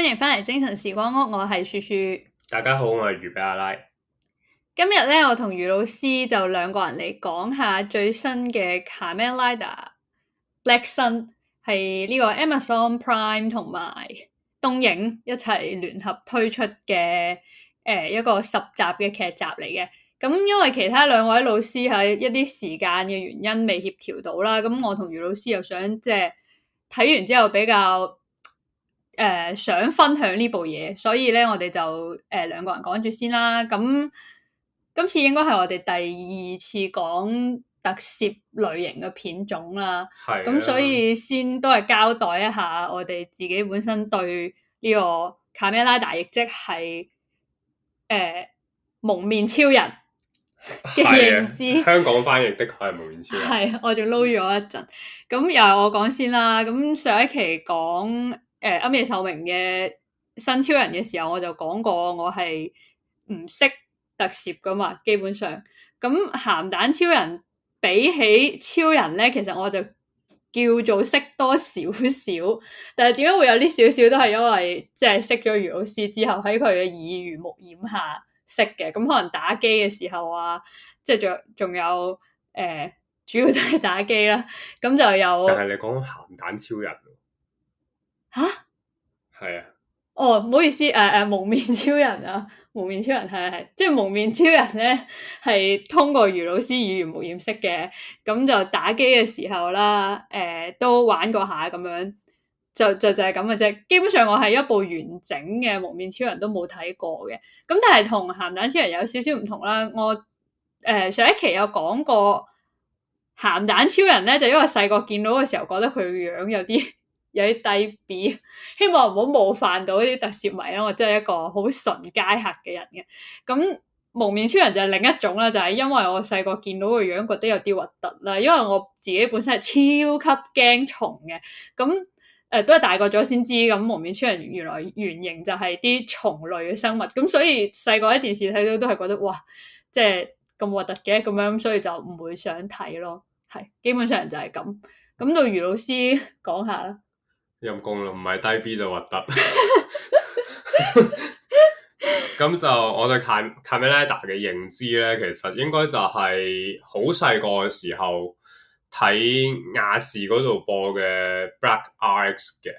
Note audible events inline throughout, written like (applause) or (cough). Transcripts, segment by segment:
歡迎翻嚟精神時光屋，我係雪雪。大家好，我係魚比阿拉。今日咧，我同余老師就兩個人嚟講下最新嘅《Kamen Rider Black Sun》。係呢個 Amazon Prime 同埋東影一齊聯合推出嘅誒一個十集嘅劇集嚟嘅。咁因為其他兩位老師喺一啲時間嘅原因未協調到啦，咁我同余老師又想即係睇完之後比較。誒、呃、想分享呢部嘢，所以咧我哋就誒、呃、兩個人講住先啦。咁、嗯、今次應該係我哋第二次講特攝類型嘅片種啦。係、啊。咁、嗯、所以先都係交代一下我哋自己本身對呢個 Kamen Rider 亦即係誒蒙面超人嘅認知。之香港翻譯的確係蒙面超人。係 (laughs) 啊，我仲撈咗一陣。咁又係我講先啦。咁、嗯、上一期講。誒，庵野秀明嘅新超人嘅時候，我就講過我係唔識特攝㗎嘛，基本上。咁咸蛋超人比起超人咧，其實我就叫做識多少少，但係點解會有啲少少，都係因為即係、就是、識咗余老師之後，喺佢嘅耳濡目染下識嘅。咁可能打機嘅時候啊，即係仲仲有誒、呃，主要都係打機啦。咁就有。但係你講咸蛋超人。吓，係啊，啊哦，唔好意思，誒、呃、誒、呃，幪面超人啊，幪面超人係係，即係幪面超人咧，係通過余老師語言冇掩飾嘅，咁就打機嘅時候啦，誒、呃，都玩過下咁樣，就就就係咁嘅啫。基本上我係一部完整嘅幪面超人都冇睇過嘅，咁但係同鹹蛋超人有少少唔同啦。我誒、呃、上一期有講過鹹蛋超人咧，就因為細個見到嘅時候覺得佢樣有啲。 (laughs) 有啲低 B，希望唔好冒犯到呢啲特攝迷啦，我真係一個好純街客嘅人嘅。咁蒙面超人就係另一種啦，就係因為我細個見到個樣，覺得有啲核突啦。因為我自己本身係超級驚蟲嘅，咁誒，都係大個咗先知。咁蒙面超人原來原型就係啲蟲類嘅生物，咁所以細個喺電視睇到都係覺得哇，即係咁核突嘅咁樣，所以就唔會想睇咯。係基本上就係咁。咁到余老師講下啦。陰公咯，唔係低 B 就核突。咁 (laughs) (laughs) 就我對《卡卡米拉達》嘅認知咧，其實應該就係好細個嘅時候睇亞視嗰度播嘅《Black RX》嘅。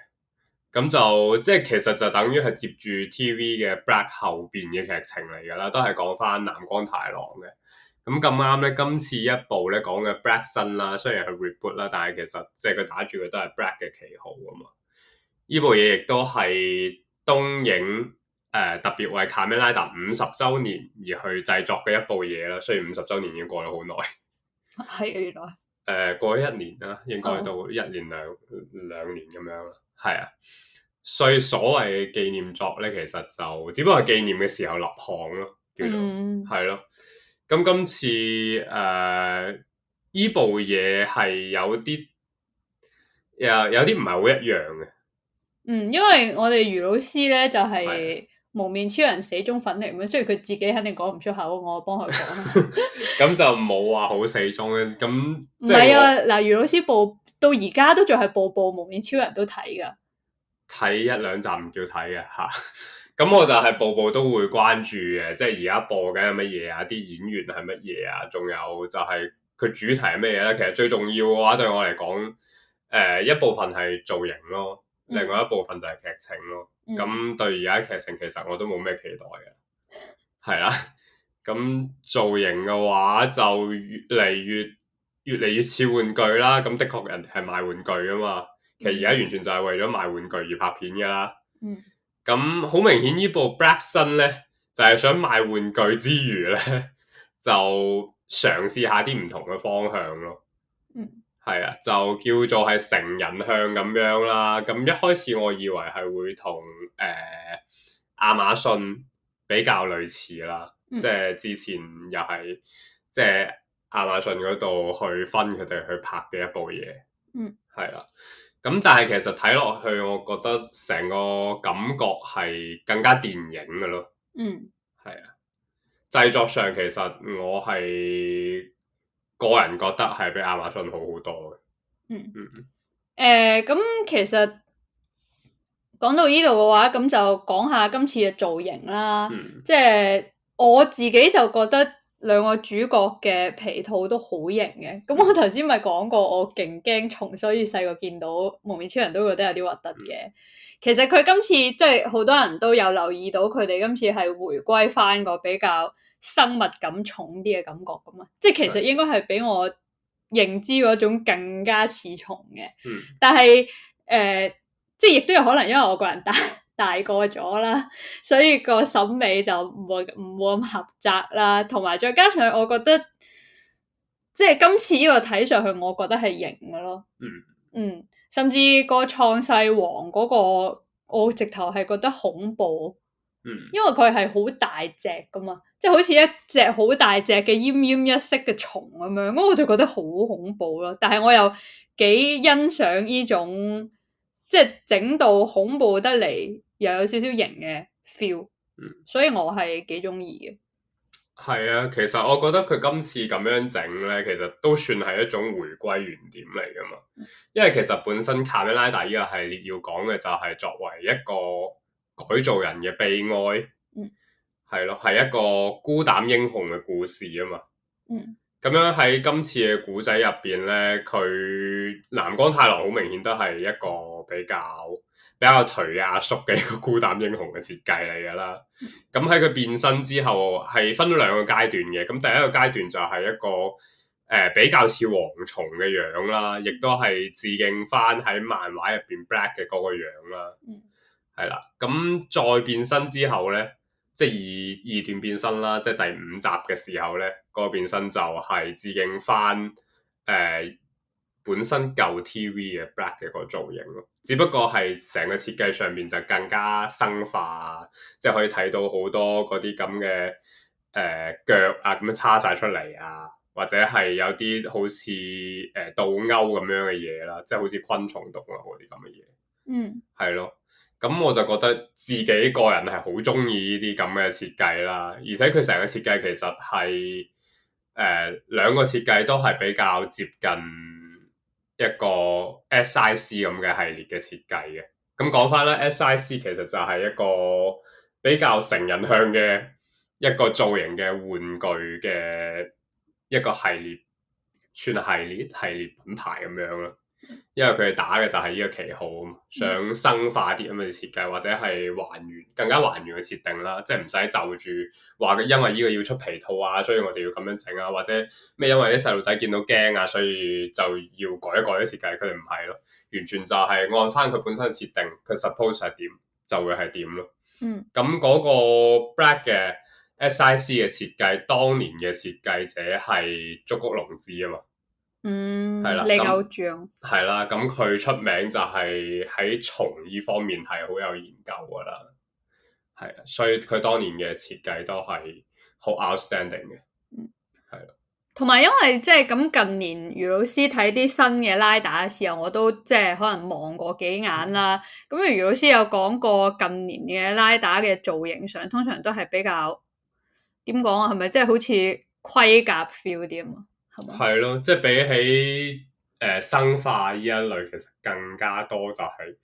咁就即係其實就等於係接住 TV 嘅《Black》後邊嘅劇情嚟噶啦，都係講翻南光太郎嘅。咁咁啱咧，今次一部咧講嘅 Black Sun 啦，雖然係 reboot 啦，但係其實即係佢打住嘅都係 Black 嘅旗號啊嘛。呢部嘢亦都係東影誒、呃、特別為 Kamen Rider 五十周年而去製作嘅一部嘢啦。雖然五十周年已經過咗好耐，係原來誒、呃、過咗一年啦，應該到一年兩兩、oh. 年咁樣，係啊。所以所謂嘅紀念作咧，其實就只不過係紀念嘅時候立項咯，叫做係咯。嗯。咁今次誒呢部嘢係有啲有有啲唔係好一樣嘅。嗯，因為我哋余老師咧就係、是、幪面超人死忠粉嚟嘅，雖然佢自己肯定講唔出口，我幫佢講。咁 (laughs) 就冇話好死忠咧。咁唔係啊，嗱余老師部到而家都仲係部部幪面超人都睇㗎，睇一兩集唔叫睇嘅嚇。 (laughs) 咁我就係步步都會關注嘅，即係而家播緊係乜嘢啊？啲演員係乜嘢啊？仲有就係佢主題係乜嘢咧？其實最重要嘅話對我嚟講，誒、呃、一部分係造型咯，另外一部分就係劇情咯。咁、嗯、對而家劇情其實我都冇咩期待嘅，係啦。咁造型嘅話就越嚟越越嚟越似玩具啦。咁的確人係賣玩具噶嘛，其實而家完全就係為咗賣玩具而拍片噶啦。嗯。咁好明顯，呢部《Black Sun》咧，就係、是、想賣玩具之餘咧， (laughs) 就嘗試一下啲唔同嘅方向咯。嗯。係啊，就叫做係成人向咁樣啦。咁一開始我以為係會同誒、呃、亞馬遜比較類似啦，即係、嗯、之前又係即係亞馬遜嗰度去分佢哋去拍嘅一部嘢。嗯。係啦。咁、嗯、但係其實睇落去，我覺得成個感覺係更加電影嘅咯。嗯，係啊，製作上其實我係個人覺得係比亞馬遜好好多嘅。嗯嗯，誒、嗯，咁、呃、其實講到呢度嘅話，咁就講下今次嘅造型啦。即係、嗯、我自己就覺得。兩個主角嘅皮套都好型嘅，咁我頭先咪講過，我勁驚蟲，所以細個見到幪面超人都覺得有啲核突嘅。嗯、其實佢今次即係好多人都有留意到，佢哋今次係回歸翻個比較生物感重啲嘅感覺咁嘛。即係其實應該係比我認知嗰種更加似蟲嘅。嗯、但係誒、呃，即係亦都有可能因為我個人打。大個咗啦，所以個審美就唔會唔會咁狹窄啦。同埋再加上，我覺得即係今次呢個睇上去，我覺得係型嘅咯。嗯嗯，甚至個創世王嗰個，我直頭係覺得恐怖。嗯，因為佢係好大隻噶嘛，即係好似一隻好大隻嘅奄奄一息嘅蟲咁樣，咁我就覺得好恐怖咯。但係我又幾欣賞呢種，即係整到恐怖得嚟。又有少少型嘅 feel，嗯，所以我係幾中意嘅。係啊，其實我覺得佢今次咁樣整咧，其實都算係一種回歸原點嚟噶嘛。嗯、因為其實本身卡米拉大依個系列要講嘅就係作為一個改造人嘅悲哀，嗯，係咯、啊，係一個孤膽英雄嘅故事啊嘛，嗯。咁樣喺今次嘅故仔入邊咧，佢南光太郎好明顯都係一個比較。比較頹嘅阿叔嘅一個孤膽英雄嘅設計嚟㗎啦，咁喺佢變身之後係分咗兩個階段嘅，咁第一個階段就係一個誒、呃、比較似蝗蟲嘅樣啦，亦都係致敬翻喺漫畫入邊 Black 嘅嗰個樣啦，係、嗯、啦，咁再變身之後咧，即係二二段變身啦，即係第五集嘅時候咧，嗰、那個變身就係致敬翻誒。呃本身舊 T.V. 嘅 black 嘅個造型咯，只不過係成個設計上面就更加生化，即係可以睇到好多嗰啲咁嘅誒腳啊，咁樣叉晒出嚟啊，或者係有啲好似誒倒鈎咁樣嘅嘢啦，即係好似昆蟲洞啊嗰啲咁嘅嘢。嗯，係咯，咁我就覺得自己個人係好中意呢啲咁嘅設計啦，而且佢成個設計其實係誒兩個設計都係比較接近。一個 SIC 咁嘅系列嘅設計嘅，咁講翻啦，SIC 其實就係一個比較成人向嘅一個造型嘅玩具嘅一個系列，全系列系列品牌咁樣啦。因為佢哋打嘅就係呢個旗號嘛，想生化啲咁嘅設計，或者係還原更加還原嘅設定啦，即係唔使就住話佢因為呢個要出皮套啊，所以我哋要咁樣整啊，或者咩因為啲細路仔見到驚啊，所以就要改一改啲設計，佢哋唔係咯，完全就係按翻佢本身設定，佢 suppose 係點就會係點咯。嗯，咁嗰個 Black 嘅 SIC 嘅設計，當年嘅設計者係竹谷龍志啊嘛。嗯，係啦的，你偶像係啦，咁佢出名就係喺蟲呢方面係好有研究噶啦，係，所以佢當年嘅設計都係好 outstanding 嘅，嗯，係咯的，同埋因為即係咁近年余老師睇啲新嘅拉打嘅時候，我都即係、就是、可能望過幾眼啦，咁余老師有講過近年嘅拉打嘅造型上，通常都係比較點講啊，係咪即係好似盔甲 feel 啲啊嘛？係咯，即係比起誒、呃、生化呢一類，其實更加多就係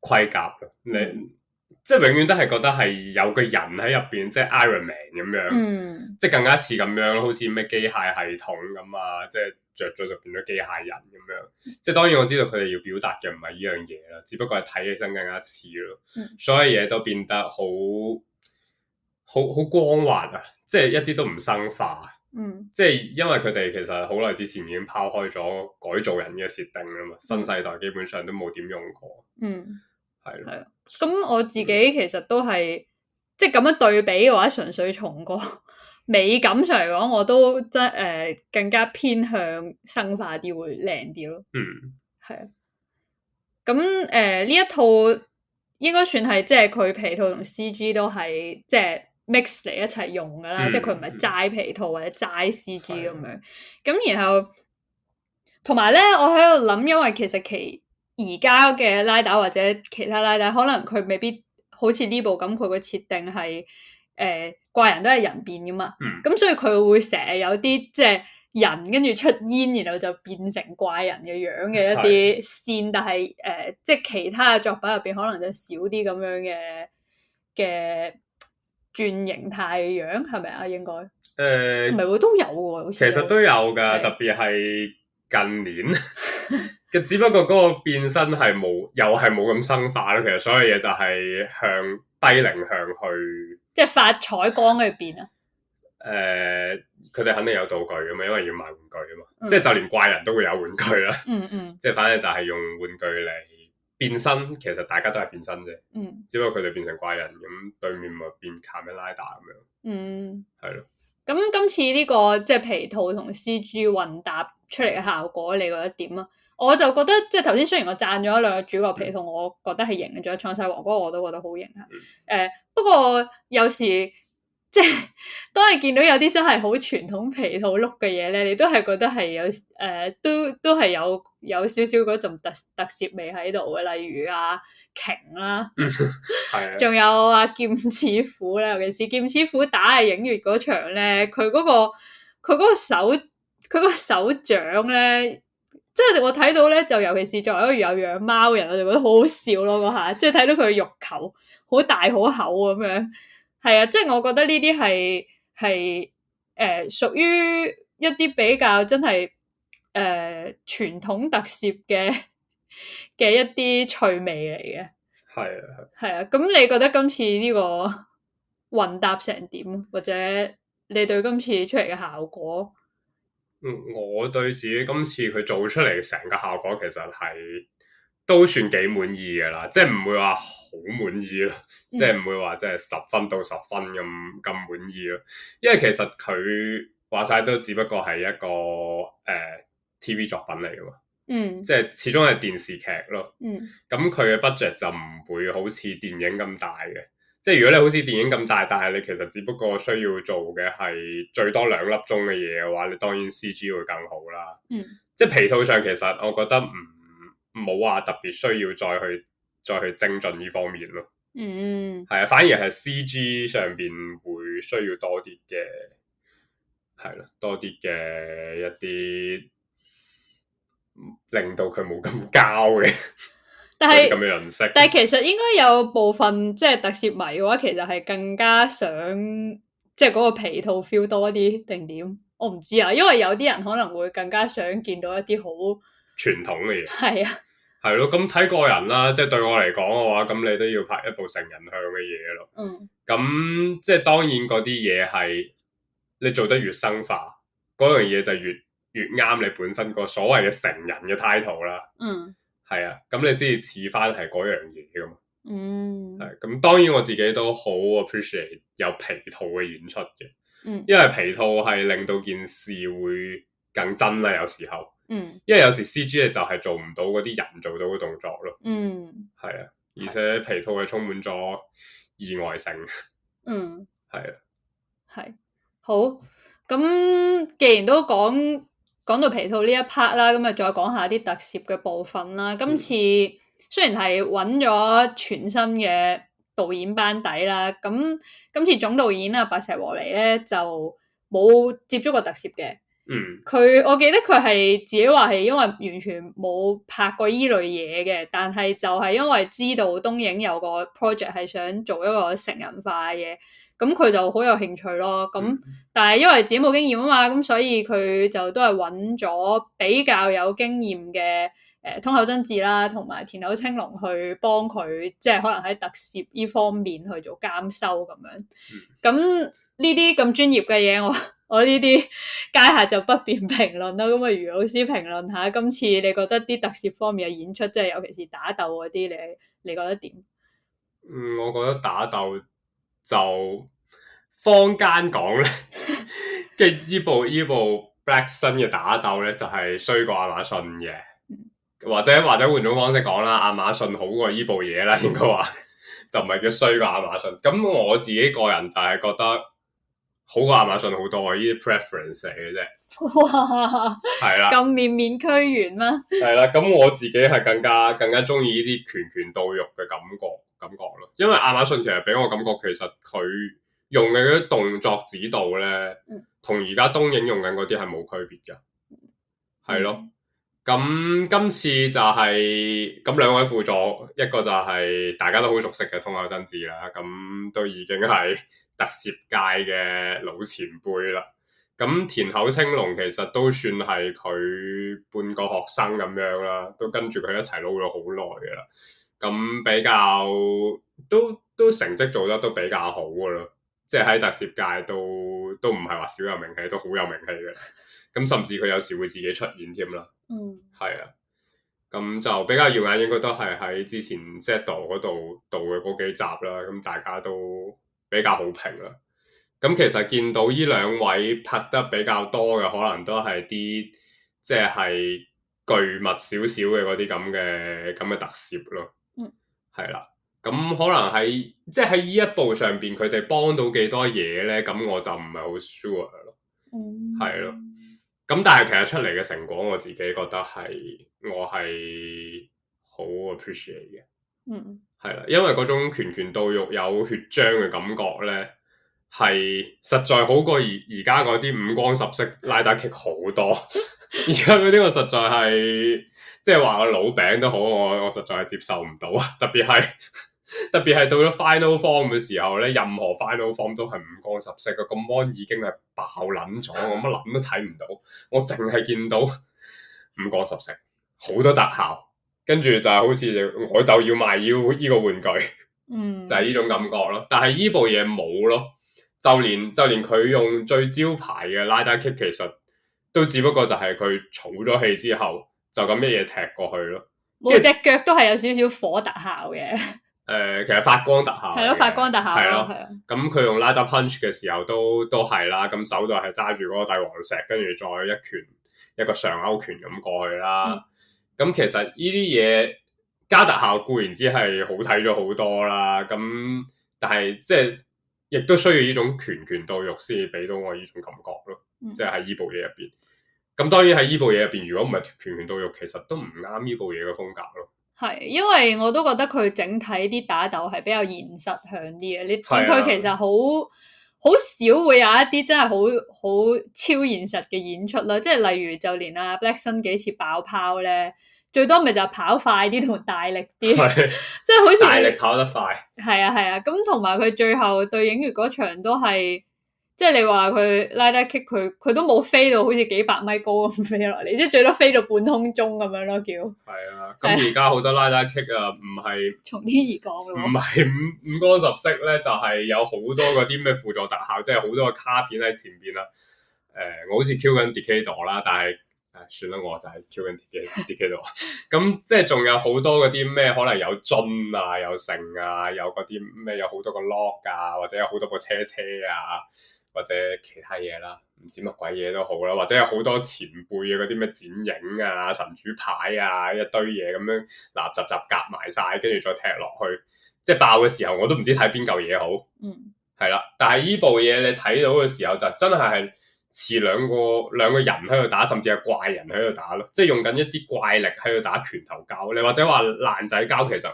盔甲咯。嗯、你即係永遠都係覺得係有個人喺入邊，即係 Iron Man 咁樣，嗯、即係更加似咁樣，好似咩機械系統咁啊，即係著咗就變咗機械人咁樣。即係當然我知道佢哋要表達嘅唔係依樣嘢啦，只不過係睇起身更加似咯。嗯、所有嘢都變得好好好光滑啊！即係一啲都唔生化。嗯，即係因為佢哋其實好耐之前已經拋開咗改造人嘅設定啦嘛，嗯、新世代基本上都冇點用過。嗯，係係啊，咁我自己其實都係，嗯、即係咁樣對比嘅話，純粹重過美感上嚟講，我都真誒、呃、更加偏向生化啲會靚啲咯。嗯，係啊，咁誒呢一套應該算係即係佢皮套同 C G 都係即係。mix 嚟一齊用噶啦，嗯、即係佢唔係齋皮套或者齋 CG 咁、嗯、樣，咁的然後同埋咧，我喺度諗，因為其實其而家嘅拉打或者其他拉打，可能佢未必好似呢部咁，佢嘅設定係誒、呃、怪人都係人變噶嘛，咁、嗯、所以佢會成日有啲即係人跟住出煙，然後就變成怪人嘅樣嘅一啲線，的但係誒、呃、即係其他嘅作品入邊可能就少啲咁樣嘅嘅。轉型太樣係咪啊？應該誒，唔係喎，都有喎，其實都有噶，是特別係近年嘅， (laughs) 只不過嗰個變身係冇，又係冇咁生化咯。其實所有嘢就係向低齡向去，即係發彩光去變啊。誒、呃，佢哋肯定有道具噶嘛，因為要賣玩具啊嘛，嗯、即係就連怪人都會有玩具啦。嗯嗯，即係反正就係用玩具嚟。變身其實大家都係變身啫，嗯、只不過佢哋變成怪人，咁對面咪變卡米拉打咁樣。嗯，係咯的。咁今次呢、呢個即係、就是、皮套同 C G 混搭出嚟嘅效果，你覺得點啊？我就覺得即係頭先，就是、雖然我贊咗兩個主角皮套，嗯、我覺得係型嘅，仲有創世王嗰個，我都覺得好型吓。誒、嗯呃，不過有時即係當係見到有啲真係好傳統皮套碌嘅嘢咧，你都係覺得係有誒、呃，都都係有。有少少嗰陣特特攝味喺度嘅，例如啊，瓊啦、啊，仲 (laughs) 有啊，劍齒虎咧。尤其是劍齒虎打嘅影月嗰場咧，佢嗰、嗰個佢嗰手佢嗰手掌咧，即、就、係、是、我睇到咧，就尤其是作為一個有養貓嘅人，我就覺得好好笑咯、啊、嗰下，即係睇到佢嘅肉球好大好厚咁樣。係啊，即、就、係、是、我覺得呢啲係係誒屬於一啲比較真係。誒、uh, 傳統特攝嘅嘅一啲趣味嚟嘅，係啊係啊，咁你覺得今次呢個混搭成點？或者你對今次出嚟嘅效果？嗯，我對自己今次佢做出嚟成個效果其實係都算幾滿意嘅啦，即係唔會話好滿意咯，即係唔會話即係十分到十分咁咁滿意咯。因為其實佢話晒都只不過係一個誒，呃 TV 作品嚟㗎嘛，嗯，即係始終係電視劇咯，嗯，咁佢嘅 budget 就唔會好似電影咁大嘅，即係如果你好似電影咁大，但係你其實只不過需要做嘅係最多兩粒鐘嘅嘢嘅話，你當然 CG 會更好啦，嗯，即係皮套上其實我覺得唔冇話特別需要再去再去精進呢方面咯，嗯，係啊，反而係 CG 上面會需要多啲嘅，係咯，多啲嘅一啲。令到佢冇咁膠嘅，但係咁樣認識， (laughs) 人但係其實應該有部分即係、就是、特攝迷嘅話，其實係更加想即係嗰個皮套 feel 多啲定點？我唔知啊，因為有啲人可能會更加想見到一啲好傳統嘅嘢，係啊，係咯。咁睇個人啦，即、就、係、是、對我嚟講嘅話，咁你都要拍一部成人向嘅嘢咯。嗯，咁即係當然嗰啲嘢係你做得越生化，嗰樣嘢就越。越啱你本身個所謂嘅成人嘅態度啦，嗯，係啊，咁你先至似翻係嗰樣嘢噶嘛，嗯，係咁、啊，當然我自己都好 appreciate 有皮套嘅演出嘅，嗯，因為皮套係令到件事會更真啦，有時候，嗯，因為有時 C G 呢就係做唔到嗰啲人做到嘅動作咯，嗯，係啊，而且皮套係充滿咗意外性， (laughs) 嗯，係啊，係、啊、好，咁既然都講。講到皮套呢一 part 啦，咁啊再講下啲特攝嘅部分啦。今次雖然係揾咗全新嘅導演班底啦，咁今次總導演啊白石和彌咧就冇接觸過特攝嘅。嗯，佢我記得佢係自己話係因為完全冇拍過呢類嘢嘅，但係就係因為知道東映有個 project 係想做一個成人化嘅嘢，咁佢就好有興趣咯。咁但係因為自己冇經驗啊嘛，咁所以佢就都係揾咗比較有經驗嘅。誒樋口真嗣啦，同埋田口清隆去幫佢，即係可能喺特攝呢方面去做監修咁樣。咁呢啲咁專業嘅嘢，我我呢啲街客就不便評論啦。咁啊，余老師評論下今次你覺得啲特攝方面嘅演出，即係尤其是打鬥嗰啲，你你覺得點？嗯，我覺得打鬥就坊間講咧， (laughs) (laughs) 即係依部依部 Black Sun 嘅打鬥咧，就係、是、衰過亞馬遜嘅。或者或者換種方式講啦，亞馬遜好過依部嘢啦，應該話就唔係叫衰過亞馬遜。咁我自己個人就係覺得好過亞馬遜好多，依啲 preference 嘅啫。哇！係啦，咁面面俱圓啦。係啦，咁我自己係更加更加中意呢啲拳拳到肉嘅感覺感覺咯。因為亞馬遜其實俾我感覺其實佢用嘅啲動作指導咧，同而家東映用緊嗰啲係冇區別㗎，係咯。嗯咁今次就係、是、咁兩位輔助，一個就係大家都好熟悉嘅樋口真嗣啦，咁都已經係特攝界嘅老前輩啦。咁田口清隆其實都算係佢半個學生咁樣啦，都跟住佢一齊撈咗好耐嘅啦。咁比較都都成績做得都比較好噶啦，即係喺特攝界都都唔係話少有名氣，都好有名氣嘅。咁甚至佢有時會自己出現添啦。嗯，係啊，咁就比較耀眼，應該都係喺之前 Z 嗰度導嘅嗰幾集啦。咁大家都比較好評啦。咁其實見到呢兩位拍得比較多嘅，可能都係啲即係巨物少少嘅嗰啲咁嘅咁嘅特攝咯。嗯，係啦、啊。咁可能喺即係喺呢一部上邊，佢哋幫到幾多嘢咧？咁我就唔係好 sure 咯。嗯，係咯、啊。咁但係其實出嚟嘅成果，我自己覺得係我係好 appreciate 嘅，嗯，係啦，因為嗰種拳拳到肉有血漿嘅感覺咧，係實在好過而而家嗰啲五光十色拉大劇好多，而家嗰啲我實在係即係話我老餅都好，我我實在係接受唔到啊，特別係。 (laughs) 特別係到咗 final form 嘅時候咧，任何 final form 都係五光十色嘅，個 Mon 已經係爆捻咗，我乜諗都睇唔到，我淨係見到五光十色，好多特效，跟住就係好似我就要賣要依個玩具，嗯、就係呢種感覺咯。但係依部嘢冇咯，就連就連佢用最招牌嘅 Rider Kick，其實都只不過就係佢儲咗氣之後，就咁乜嘢踢過去咯。每隻腳都係有少少火特效嘅。誒、呃，其實發光特效係咯，發光特效係咯，係啊。咁佢用 Rider punch 嘅時候都都係啦，咁手就係揸住嗰個帝王石，跟住再一拳一個上勾拳咁過去啦。咁、嗯、其實呢啲嘢加特效固然之係好睇咗好多啦，咁但係即係亦都需要呢種拳拳到肉先至俾到我呢種感覺咯。嗯、即係喺呢部嘢入邊，咁當然喺呢部嘢入邊，如果唔係拳拳到肉，其實都唔啱呢部嘢嘅風格咯。係，因為我都覺得佢整體啲打鬥係比較現實向啲嘅。啊、你見佢其實好好少會有一啲真係好好超現實嘅演出啦。即係例如，就連啊 Black Sun 幾次爆泡咧，最多咪就係跑快啲同大力啲，即係是 (laughs) 好似大力跑得快。係啊係啊，咁同埋佢最後對影月嗰場都係。即係你話佢拉拉 kick 佢，佢都冇飛到好似幾百米高咁飛落嚟，即係最多飛到半空中咁樣咯，叫係啊。咁而家好多拉拉 kick 啊，唔係從天而降，唔係 (laughs) 五五光十色咧，就係、是、有好多嗰啲咩輔助特效，即係好多個、就是、卡片喺前邊啦。誒、呃，我好似 Q 緊 Decade 啦，但係誒，算啦，我就係 Q 緊 Dec Decade。咁即係仲有好多嗰啲咩，可能有樽啊，有成啊，有嗰啲咩，有好多個 lock 啊，或者有好多個車車啊。或者其他嘢啦，唔知乜鬼嘢都好啦，或者有好多前輩嘅嗰啲咩剪影啊、神主牌啊，一堆嘢咁樣攬雜雜夾埋晒，跟住再踢落去，即係爆嘅時候我都唔知睇邊嚿嘢好。嗯，係啦，但係呢部嘢你睇到嘅時候就真係係似兩個兩個人喺度打，甚至係怪人喺度打咯，即係用緊一啲怪力喺度打拳頭交，你或者話爛仔交，其實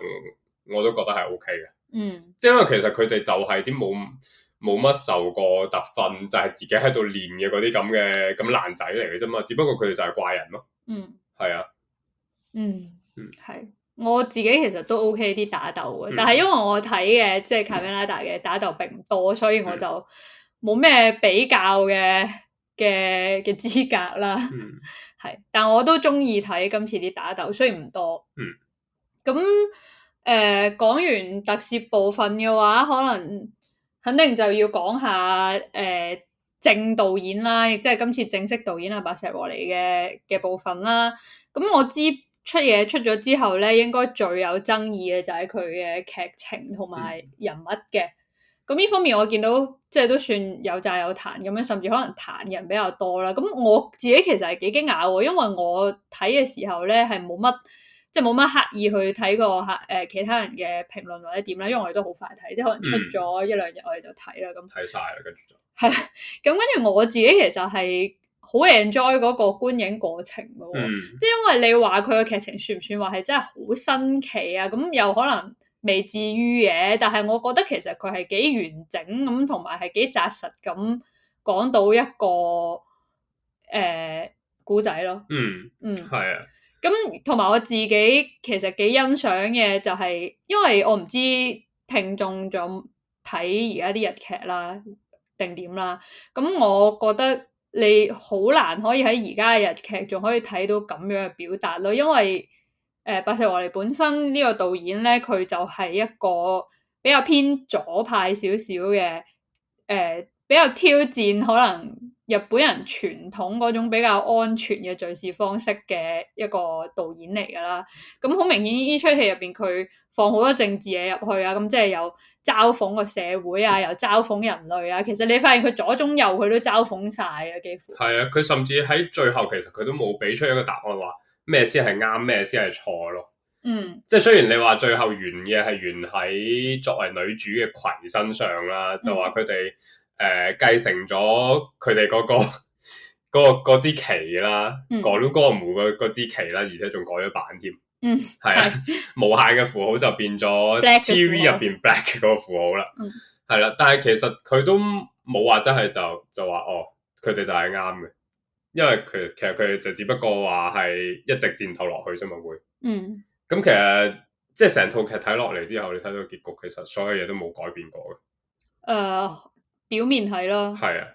我都覺得係 OK 嘅。嗯，即係因為其實佢哋就係啲冇。冇乜受過特訓，就係、是、自己喺度練嘅嗰啲咁嘅咁爛仔嚟嘅啫嘛。只不過佢哋就係怪人咯。嗯，係啊。嗯嗯，係我自己其實都 OK 啲打鬥嘅，嗯、但係因為我睇嘅即係《就是、卡梅拉達》嘅打鬥並唔多，嗯、所以我就冇咩比較嘅嘅嘅資格啦。嗯 (laughs) 但我都中意睇今次啲打鬥，雖然唔多。嗯。咁誒、呃，講完特攝部分嘅話，可能。肯定就要講下誒、呃、正導演啦，亦即係今次正式導演阿、啊、白石和彌嘅嘅部分啦。咁、嗯嗯、我知出嘢出咗之後咧，應該最有爭議嘅就係佢嘅劇情同埋人物嘅。咁、嗯、呢方面我見到即係都算有讚有彈咁樣，甚至可能彈人比較多啦。咁、嗯、我自己其實係幾驚訝，因為我睇嘅時候咧係冇乜。即係冇乜刻意去睇過吓誒、呃、其他人嘅評論或者點啦，因為我哋都好快睇，即係可能出咗一兩日我哋就睇啦，咁睇晒,啦，跟住那就係咁，跟住我自己其實係好 enjoy 嗰個觀影過程咯，嗯、即係因為你話佢嘅劇情算唔算話係真係好新奇啊？咁又可能未至於嘅，但係我覺得其實佢係幾完整咁，同埋係幾紮實咁講到一個誒古仔咯。嗯嗯，係啊、嗯。咁同埋我自己其實幾欣賞嘅就係、是，因為我唔知聽眾仲睇而家啲日劇啦，定點啦。咁我覺得你好難可以喺而家嘅日劇仲可以睇到咁樣嘅表達咯，因為誒、呃《白石和你本身呢個導演咧，佢就係一個比較偏左派少少嘅，誒、呃、比較挑戰可能，日本人傳統嗰種比較安全嘅敘事方式嘅一個導演嚟㗎啦，咁好明顯呢出戲入邊佢放好多政治嘢入去啊，咁即係有嘲諷個社會啊，又嘲諷人類啊。其實你發現佢左中右佢都嘲諷晒啊，幾乎係啊！佢甚至喺最後其實佢都冇俾出一個答案，話咩先係啱，咩先係錯咯。嗯，即係雖然你話最後完嘢係完喺作為女主嘅葵身上啦，就話佢哋。誒，繼、呃、承咗佢哋嗰個、 (laughs) 嗰個支旗啦，改咗歌唔個嗰支旗啦，而且仲改咗版添，係、嗯、啊， (laughs) 無限嘅符號就變咗 TV 入邊 Black 嘅嗰個符號啦，係啦、嗯啊，但係其實佢都冇話真係就就話哦，佢哋就係啱嘅，因為其實其實佢哋就只不過話係一直戰透落去啫嘛會，咁、嗯、其實即係成套劇睇落嚟之後，你睇到個結局，其實所有嘢都冇改變過嘅，誒、嗯。表面係咯，係啊，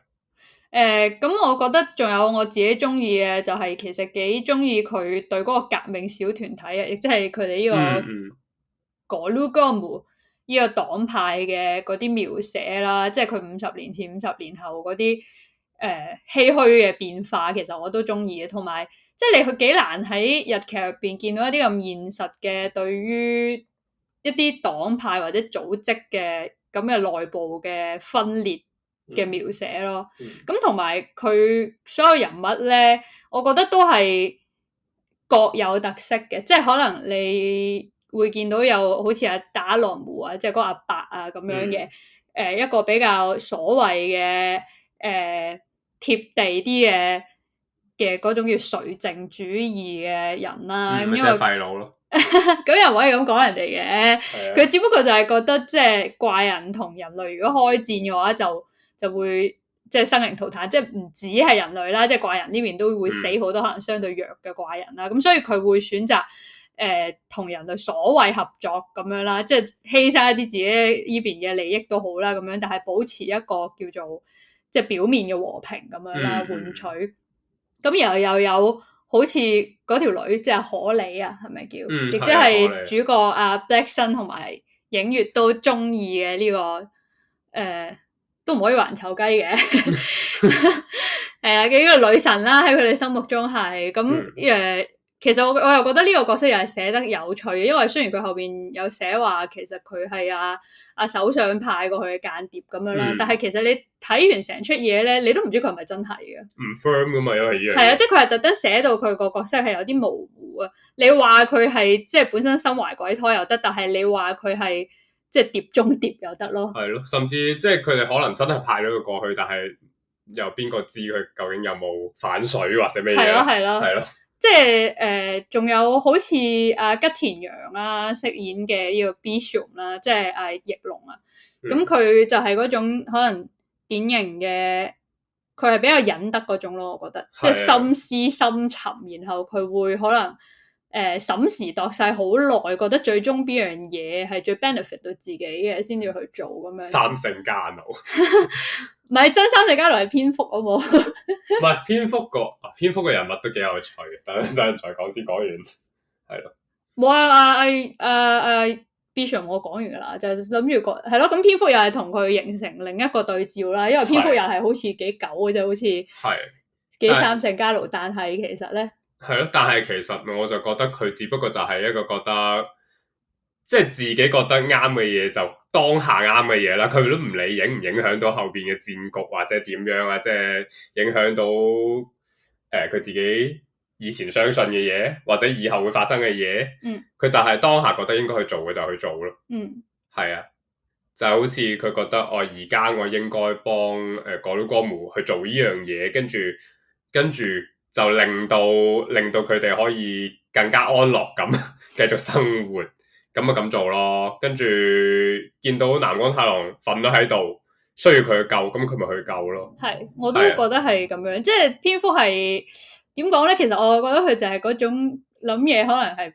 誒咁、欸，我覺得仲有我自己中意嘅，就係其實幾中意佢對嗰個革命小團體，亦即係佢哋呢個 Guerrilla 呢個黨派嘅嗰啲描寫啦，即係佢五十年前、五十年後嗰啲誒唏噓嘅變化，其實我都中意嘅。同埋即係你佢幾難喺日劇入邊見到一啲咁現實嘅，對於一啲黨派或者組織嘅。咁嘅內部嘅分裂嘅描寫咯，咁同埋佢所有人物咧，我覺得都係各有特色嘅，即係可能你會見到有好似阿打羅湖啊，即係嗰個阿伯啊咁樣嘅，誒、嗯呃、一個比較所謂嘅誒、呃、貼地啲嘅嘅嗰種叫純正主義嘅人啦、啊，咁咪真係廢老咯～咁 (laughs) 又唔可以咁講人哋嘅，佢的只不過就係覺得即係、就是、怪人同人類如果開戰嘅話，就就會即係生靈塗炭，即係唔止係人類啦，即、就、係、是、怪人呢邊都會死好多，可能相對弱嘅怪人啦。咁、嗯、所以佢會選擇誒同、呃、人類所謂合作咁樣啦，即、就、係、是、犧牲一啲自己呢邊嘅利益都好啦，咁樣，但係保持一個叫做即係、就是、表面嘅和平咁樣啦，換取。咁然後又有。有好似嗰條女即係可莉啊，係咪叫？亦即係主角阿 Black Sun 同埋影月都中意嘅呢個誒、呃，都唔可以還醜雞嘅誒幾個女神啦，喺佢哋心目中係咁誒。其實我我又覺得呢個角色又係寫得有趣嘅，因為雖然佢後邊有寫話其實佢係阿阿首相派過去嘅間諜咁樣啦，嗯、但係其實你睇完成出嘢咧，你都唔知佢係咪真係嘅。唔 firm 噶嘛，因為依樣嘢。係啊，即係佢係特登寫到佢個角色係有啲模糊啊！你話佢係即係本身心懷鬼胎又得，但係你話佢係即係碟中諜又得咯。係咯，甚至即係佢哋可能真係派咗佢過去，但係又邊個知佢究竟有冇反水或者咩嘢。係咯，係咯，係咯。的的即係誒，仲、呃、有好似阿、啊、吉田羊啦、啊，飾演嘅呢個 Bishum 啦、啊，即係阿翼龍啊。咁佢、嗯、就係嗰種可能典型嘅，佢係比較忍得嗰種咯、啊。我覺得即係心思深沉，然後佢會可能。誒、呃、審時度勢好耐，覺得最終邊樣嘢係最 benefit 到自己嘅，先至去做咁樣。三姓家奴，唔係真三姓家奴係蝙蝠好冇？唔係 (laughs) 蝙蝠個蝙蝠嘅人物都幾有趣嘅，等但陣再講先講完，係咯。冇啊，阿阿阿阿 Bishop，我講完噶啦，就諗住個係咯，咁蝙蝠又係同佢形成另一個對照啦，因為蝙蝠又係的好似幾狗嘅，就好似係幾三姓家奴，但係其實咧。係咯，但係其實我就覺得佢只不過就係一個覺得，即、就、係、是、自己覺得啱嘅嘢，就當下啱嘅嘢啦。佢都唔理影唔影響到後邊嘅戰局或者點樣啊，即係影響到誒佢、呃、自己以前相信嘅嘢，或者以後會發生嘅嘢。嗯，佢就係當下覺得應該去做嘅就去做咯。嗯，係啊，就是、好似佢覺得我而家我應該幫誒哥爾高姆去做呢樣嘢，跟住跟住。就令到令到佢哋可以更加安樂咁，繼續生活咁就咁做咯。跟住見到南光太郎瞓咗喺度，需要佢去救，咁佢咪去救咯。係，我都覺得係咁樣，即係的蝙蝠係點講咧？其實我覺得佢就係嗰種諗嘢，可能係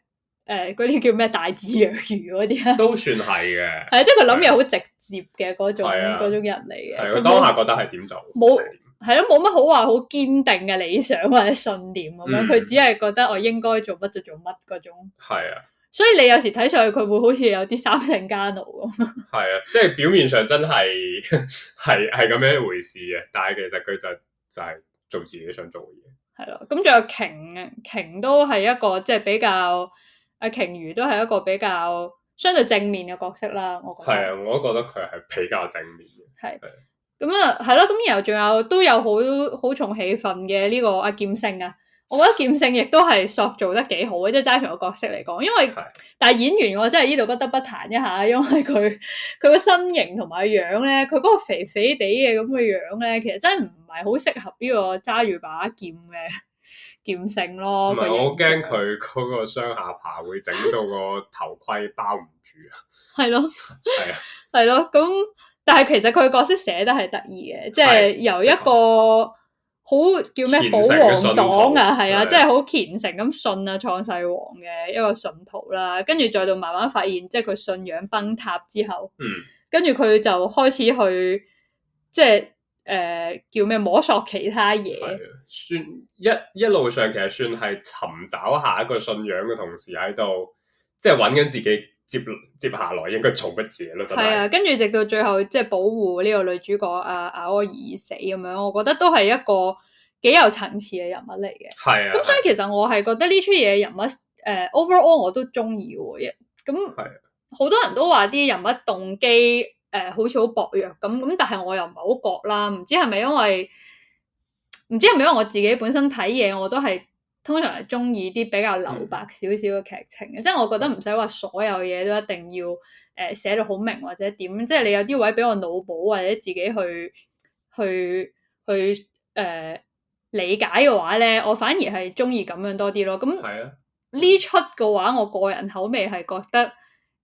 誒嗰啲叫咩？大智若愚嗰啲啊，都算係嘅。係，即係佢諗嘢好直接嘅嗰的種，的種人嚟嘅。係佢當下覺得係點做冇。的 (laughs) 係咯，冇乜好話好堅定嘅理想或者信念咁樣，佢、嗯、只係覺得我應該做乜就做乜嗰種。係啊，所以你有時睇上去佢會好似有啲三姓家奴咁。係啊，即、就、係、是、表面上真係係係咁樣一回事嘅，但係其實佢就是、就係、是、做自己想做嘅嘢。係咯、啊，咁仲有瓊瓊都係一個即係比較阿瓊魚都係一個比較相對正面嘅角色啦。我覺得，係啊，我都覺得佢係比較正面嘅。係是。咁啊，係咯，咁然後仲有都有好好重戲份嘅呢個阿劍聖啊，我覺得劍聖亦都係塑造得幾好嘅，即係齋從個角色嚟講，因為但係演員我真係呢度不得不彈一下，因為佢佢個身形同埋樣咧，佢嗰個肥肥哋嘅咁嘅樣咧，其實真係唔係好適合呢個揸住把劍嘅劍聖咯。我驚佢嗰個雙下巴會整到個頭盔包唔住啊！係咯，係啊，係咯，咁。但係其實佢角色寫得係得意嘅，即係由一個好叫咩保皇黨的、就是、啊，係啊，即係好虔誠咁信啊創世王嘅一個信徒啦，跟住再到慢慢發現即係佢信仰崩塌之後，跟住佢就開始去即係誒叫咩摸索其他嘢，算一一路上其實算係尋找下一個信仰嘅同時喺度，即係揾緊自己。接接下來應該做乜嘢咯？係啊，跟住直到最後即係保護呢個女主角啊，Aoi 而死咁樣，我覺得都係一個幾有層次嘅人物嚟嘅。係啊，咁所以其實我係覺得呢出嘢人物誒、呃、overall 我都中意嘅。咁好、啊、多人都話啲人物動機誒、呃、好似好薄弱咁，咁但係我又唔係好覺啦，唔知係咪因為唔知係咪因為我自己本身睇嘢我都係，通常係中意啲比較留白少少嘅劇情嘅，嗯、即係我覺得唔使話所有嘢都一定要誒、呃、寫到好明或者點，即係你有啲位俾我腦補或者自己去去去誒、呃、理解嘅話咧，我反而係中意咁樣多啲咯。咁係啊、呢出嘅話，我個人口味係覺得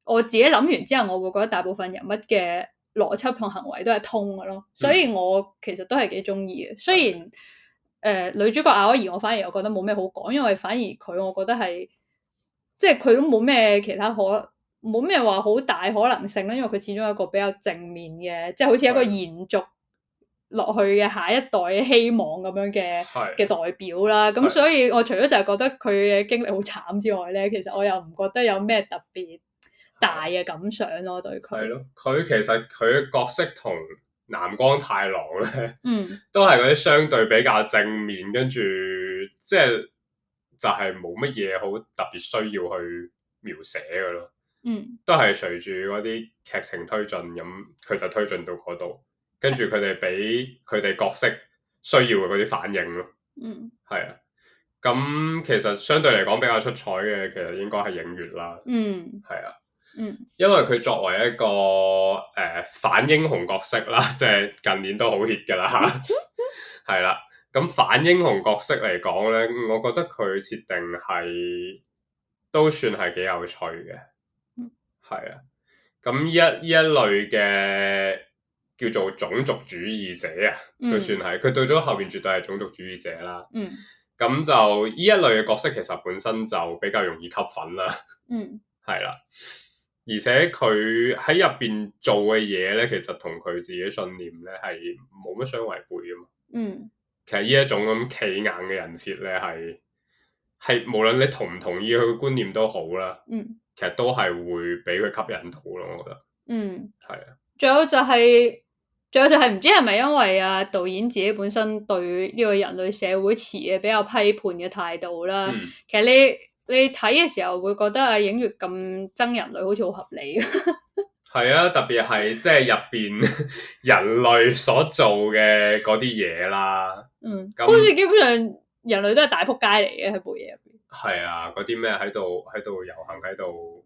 我自己諗完之後，我會覺得大部分人物嘅邏輯同行為都係通嘅咯，嗯、所以我其實都係幾中意嘅，雖然。嗯誒、呃、女主角 Aoi，我反而我覺得冇咩好講，因為反而佢，我覺得係即係佢都冇咩其他可冇咩話好大可能性啦，因為佢始終係一個比較正面嘅，即係好似一個延續落去嘅下一代嘅希望咁樣嘅嘅代表啦。咁所以我除咗就係覺得佢嘅經歷好慘之外咧，其實我又唔覺得有咩特別大嘅感想咯，對佢。係咯，佢其實，佢嘅角色同。南光太郎咧，嗯、都係嗰啲相對比較正面，跟住即係就係冇乜嘢好特別需要去描寫噶咯，嗯、都係隨住嗰啲劇情推進咁，佢就推進到嗰度，跟住佢哋俾佢哋角色需要嘅嗰啲反應咯，係、嗯、啊，咁其實相對嚟講比較出彩嘅，其實應該係影月啦，係、嗯、啊。因為佢作為一個誒、呃、反英雄角色啦，即係近年都好 hit 噶啦，係 (laughs) 啦。咁反英雄角色嚟講咧，我覺得佢設定係都算係幾有趣嘅。嗯，係啊。咁呢一呢一類嘅叫做種族主義者啊，都算係佢到咗後邊絕對係種族主義者啦。嗯，咁就呢一類嘅角色，其實本身就比較容易吸粉啦。嗯，係、嗯、 (laughs) 啦。而且佢喺入邊做嘅嘢咧，其實同佢自己信念咧係冇乜相違背㗎嘛。嗯，其實呢一種咁企硬嘅人設咧，係係無論你同唔同意佢嘅觀念都好啦。嗯，其實都係會俾佢吸引到咯。我覺得嗯，係啊是。仲有就係、是，仲有就係，唔知係咪因為啊導演自己本身對呢個人類社會持嘅比較批判嘅態度啦。嗯，其實呢。你睇嘅時候會覺得啊影月，咁憎人類好似好合理啊？係 (laughs) 啊，特別係即係入邊人類所做嘅嗰啲嘢啦，嗯，那好似基本上人類都係大仆街嚟嘅喺部嘢入邊。係啊，嗰啲咩喺度喺度遊行，喺度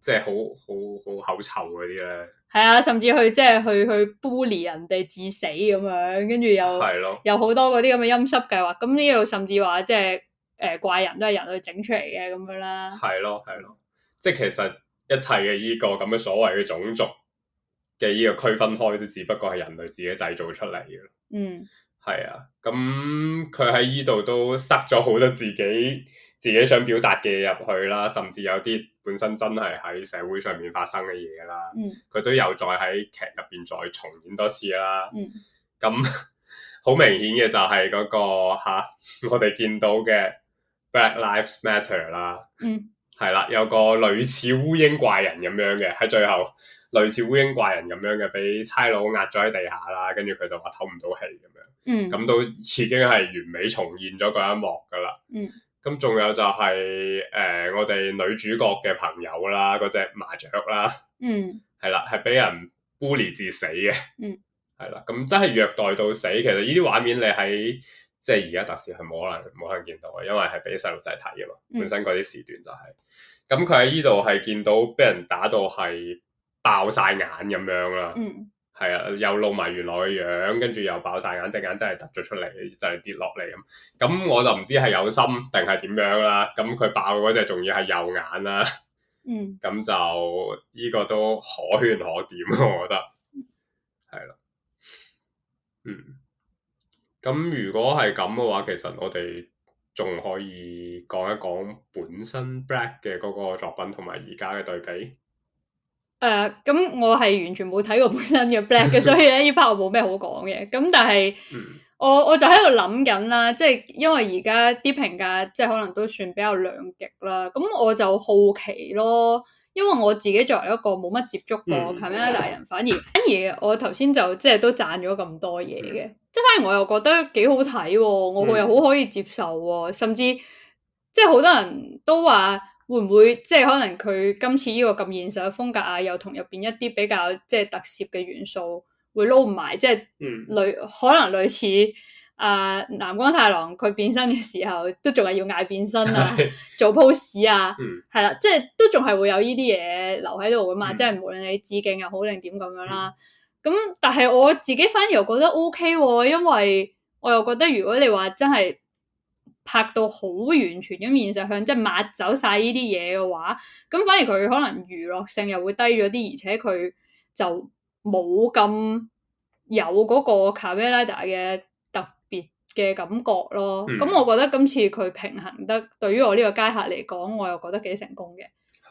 即係好好好口臭嗰啲咧。係啊，甚至去即係、就是、去去 bully 人哋致死咁樣，跟住又係咯，有好多嗰啲咁嘅陰濕計劃。咁呢度甚至話即係。誒怪人都係人類整出嚟嘅咁樣啦，係咯係咯，即係其實一切嘅依個咁嘅所謂嘅種族嘅依個區分開，都只不過係人類自己製造出嚟嘅。嗯，係啊，咁佢喺依度都塞咗好多自己自己想表達嘅嘢入去啦，甚至有啲本身真係喺社會上面發生嘅嘢啦，佢、嗯、都有再喺劇入邊再重演多次啦。咁好、嗯、明顯嘅就係嗰個吓，啊、 (laughs) 我哋見到嘅。Black Lives Matter 啦，係、嗯、啦，有個類似烏蠅怪人咁樣嘅喺最後，類似烏蠅怪人咁樣嘅俾差佬壓咗喺地下啦，跟住佢就話唞唔到氣咁樣，咁、嗯、都已經係完美重現咗嗰一幕噶啦。咁仲、嗯、有就係、是、誒、呃，我哋女主角嘅朋友啦，嗰隻麻雀啦，係、嗯、啦，係俾人 bully 至死嘅，係、嗯、 (laughs) 啦，咁真係虐待到死。其實呢啲畫面你喺。即係而家特攝係冇可能冇可能見到嘅，因為係俾細路仔睇嘅嘛。本身嗰啲時段就係、是、咁，佢喺依度係見到俾人打到係爆晒眼咁樣啦。係、嗯、啊，又露埋原來嘅樣，跟住又爆晒眼，隻眼真係凸咗出嚟，就係跌落嚟咁。咁我就唔知係有心定係點樣啦。咁佢爆嗰隻仲要係右眼啦。嗯，咁 (laughs) 就依個都可圈可點咯，我覺得係咯、啊，嗯。咁如果係咁嘅話，其實我哋仲可以講一講本身 Black 嘅嗰個作品同埋而家嘅對比。誒、呃，咁我係完全冇睇過本身嘅 Black 嘅， (laughs) 所以咧呢 part 我冇咩好講嘅。咁但係我 (laughs) 我就喺度諗緊啦，即、就、係、是、因為而家啲評價即係可能都算比較兩極啦。咁我就好奇咯，因為我自己作為一個冇乜接觸過係咪啊大人， (laughs) 反而反而我頭先就即係、就是、都讚咗咁多嘢嘅。 (laughs) 即係反而我又覺得幾好睇喎、哦，我會又好可以接受喎、哦，嗯、甚至即係好多人都話會唔會即係可能佢今次呢個咁現實嘅風格啊，又同入邊一啲比較即係特攝嘅元素會撈唔埋，即係類、嗯、可能類似啊、呃、南光太郎佢變身嘅時候都仲係要嗌變身啊，的做 pose 啊，係啦、嗯，即係都仲係會有呢啲嘢留喺度噶嘛，嗯、即係無論你致敬又好定點咁樣啦。嗯。咁但係我自己反而又覺得 OK 喎，因為我又覺得如果你話真係拍到好完全咁現實向，即係抹走晒呢啲嘢嘅話，咁反而佢可能娛樂性又會低咗啲，而且佢就冇咁有嗰個 Kamen Rider 嘅特別嘅感覺咯。咁、嗯、我覺得今次佢平衡得對於我呢個街客嚟講，我又覺得幾成功嘅。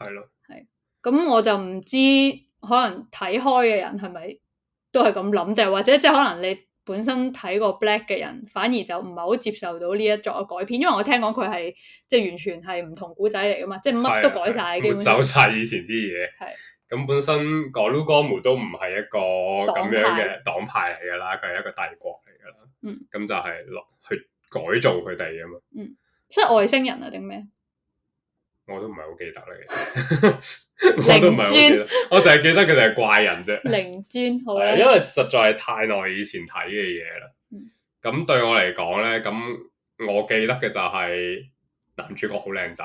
係咯的，係。咁我就唔知可能睇開嘅人係咪？都係咁諗，就或者即係可能你本身睇過 black 嘅人，反而就唔係好接受到呢一作嘅改編，因為我聽講佢係即係完全係唔同古仔嚟噶嘛，即係乜都改晒，的走晒以前啲嘢。係咁的本身，哥魯高姆都唔係一個咁樣嘅黨派嚟噶啦，佢係一個帝國嚟噶啦。嗯。咁就係落去改造佢哋噶嘛。嗯。即係外星人啊定咩？我都唔係好記得其實咧， (laughs) 我都唔係好記得，尊我淨係記得佢哋係怪人啫。靈尊好。因為實在係太耐以前睇嘅嘢啦。咁、嗯、對我嚟講咧，咁我記得嘅就係男主角好靚仔。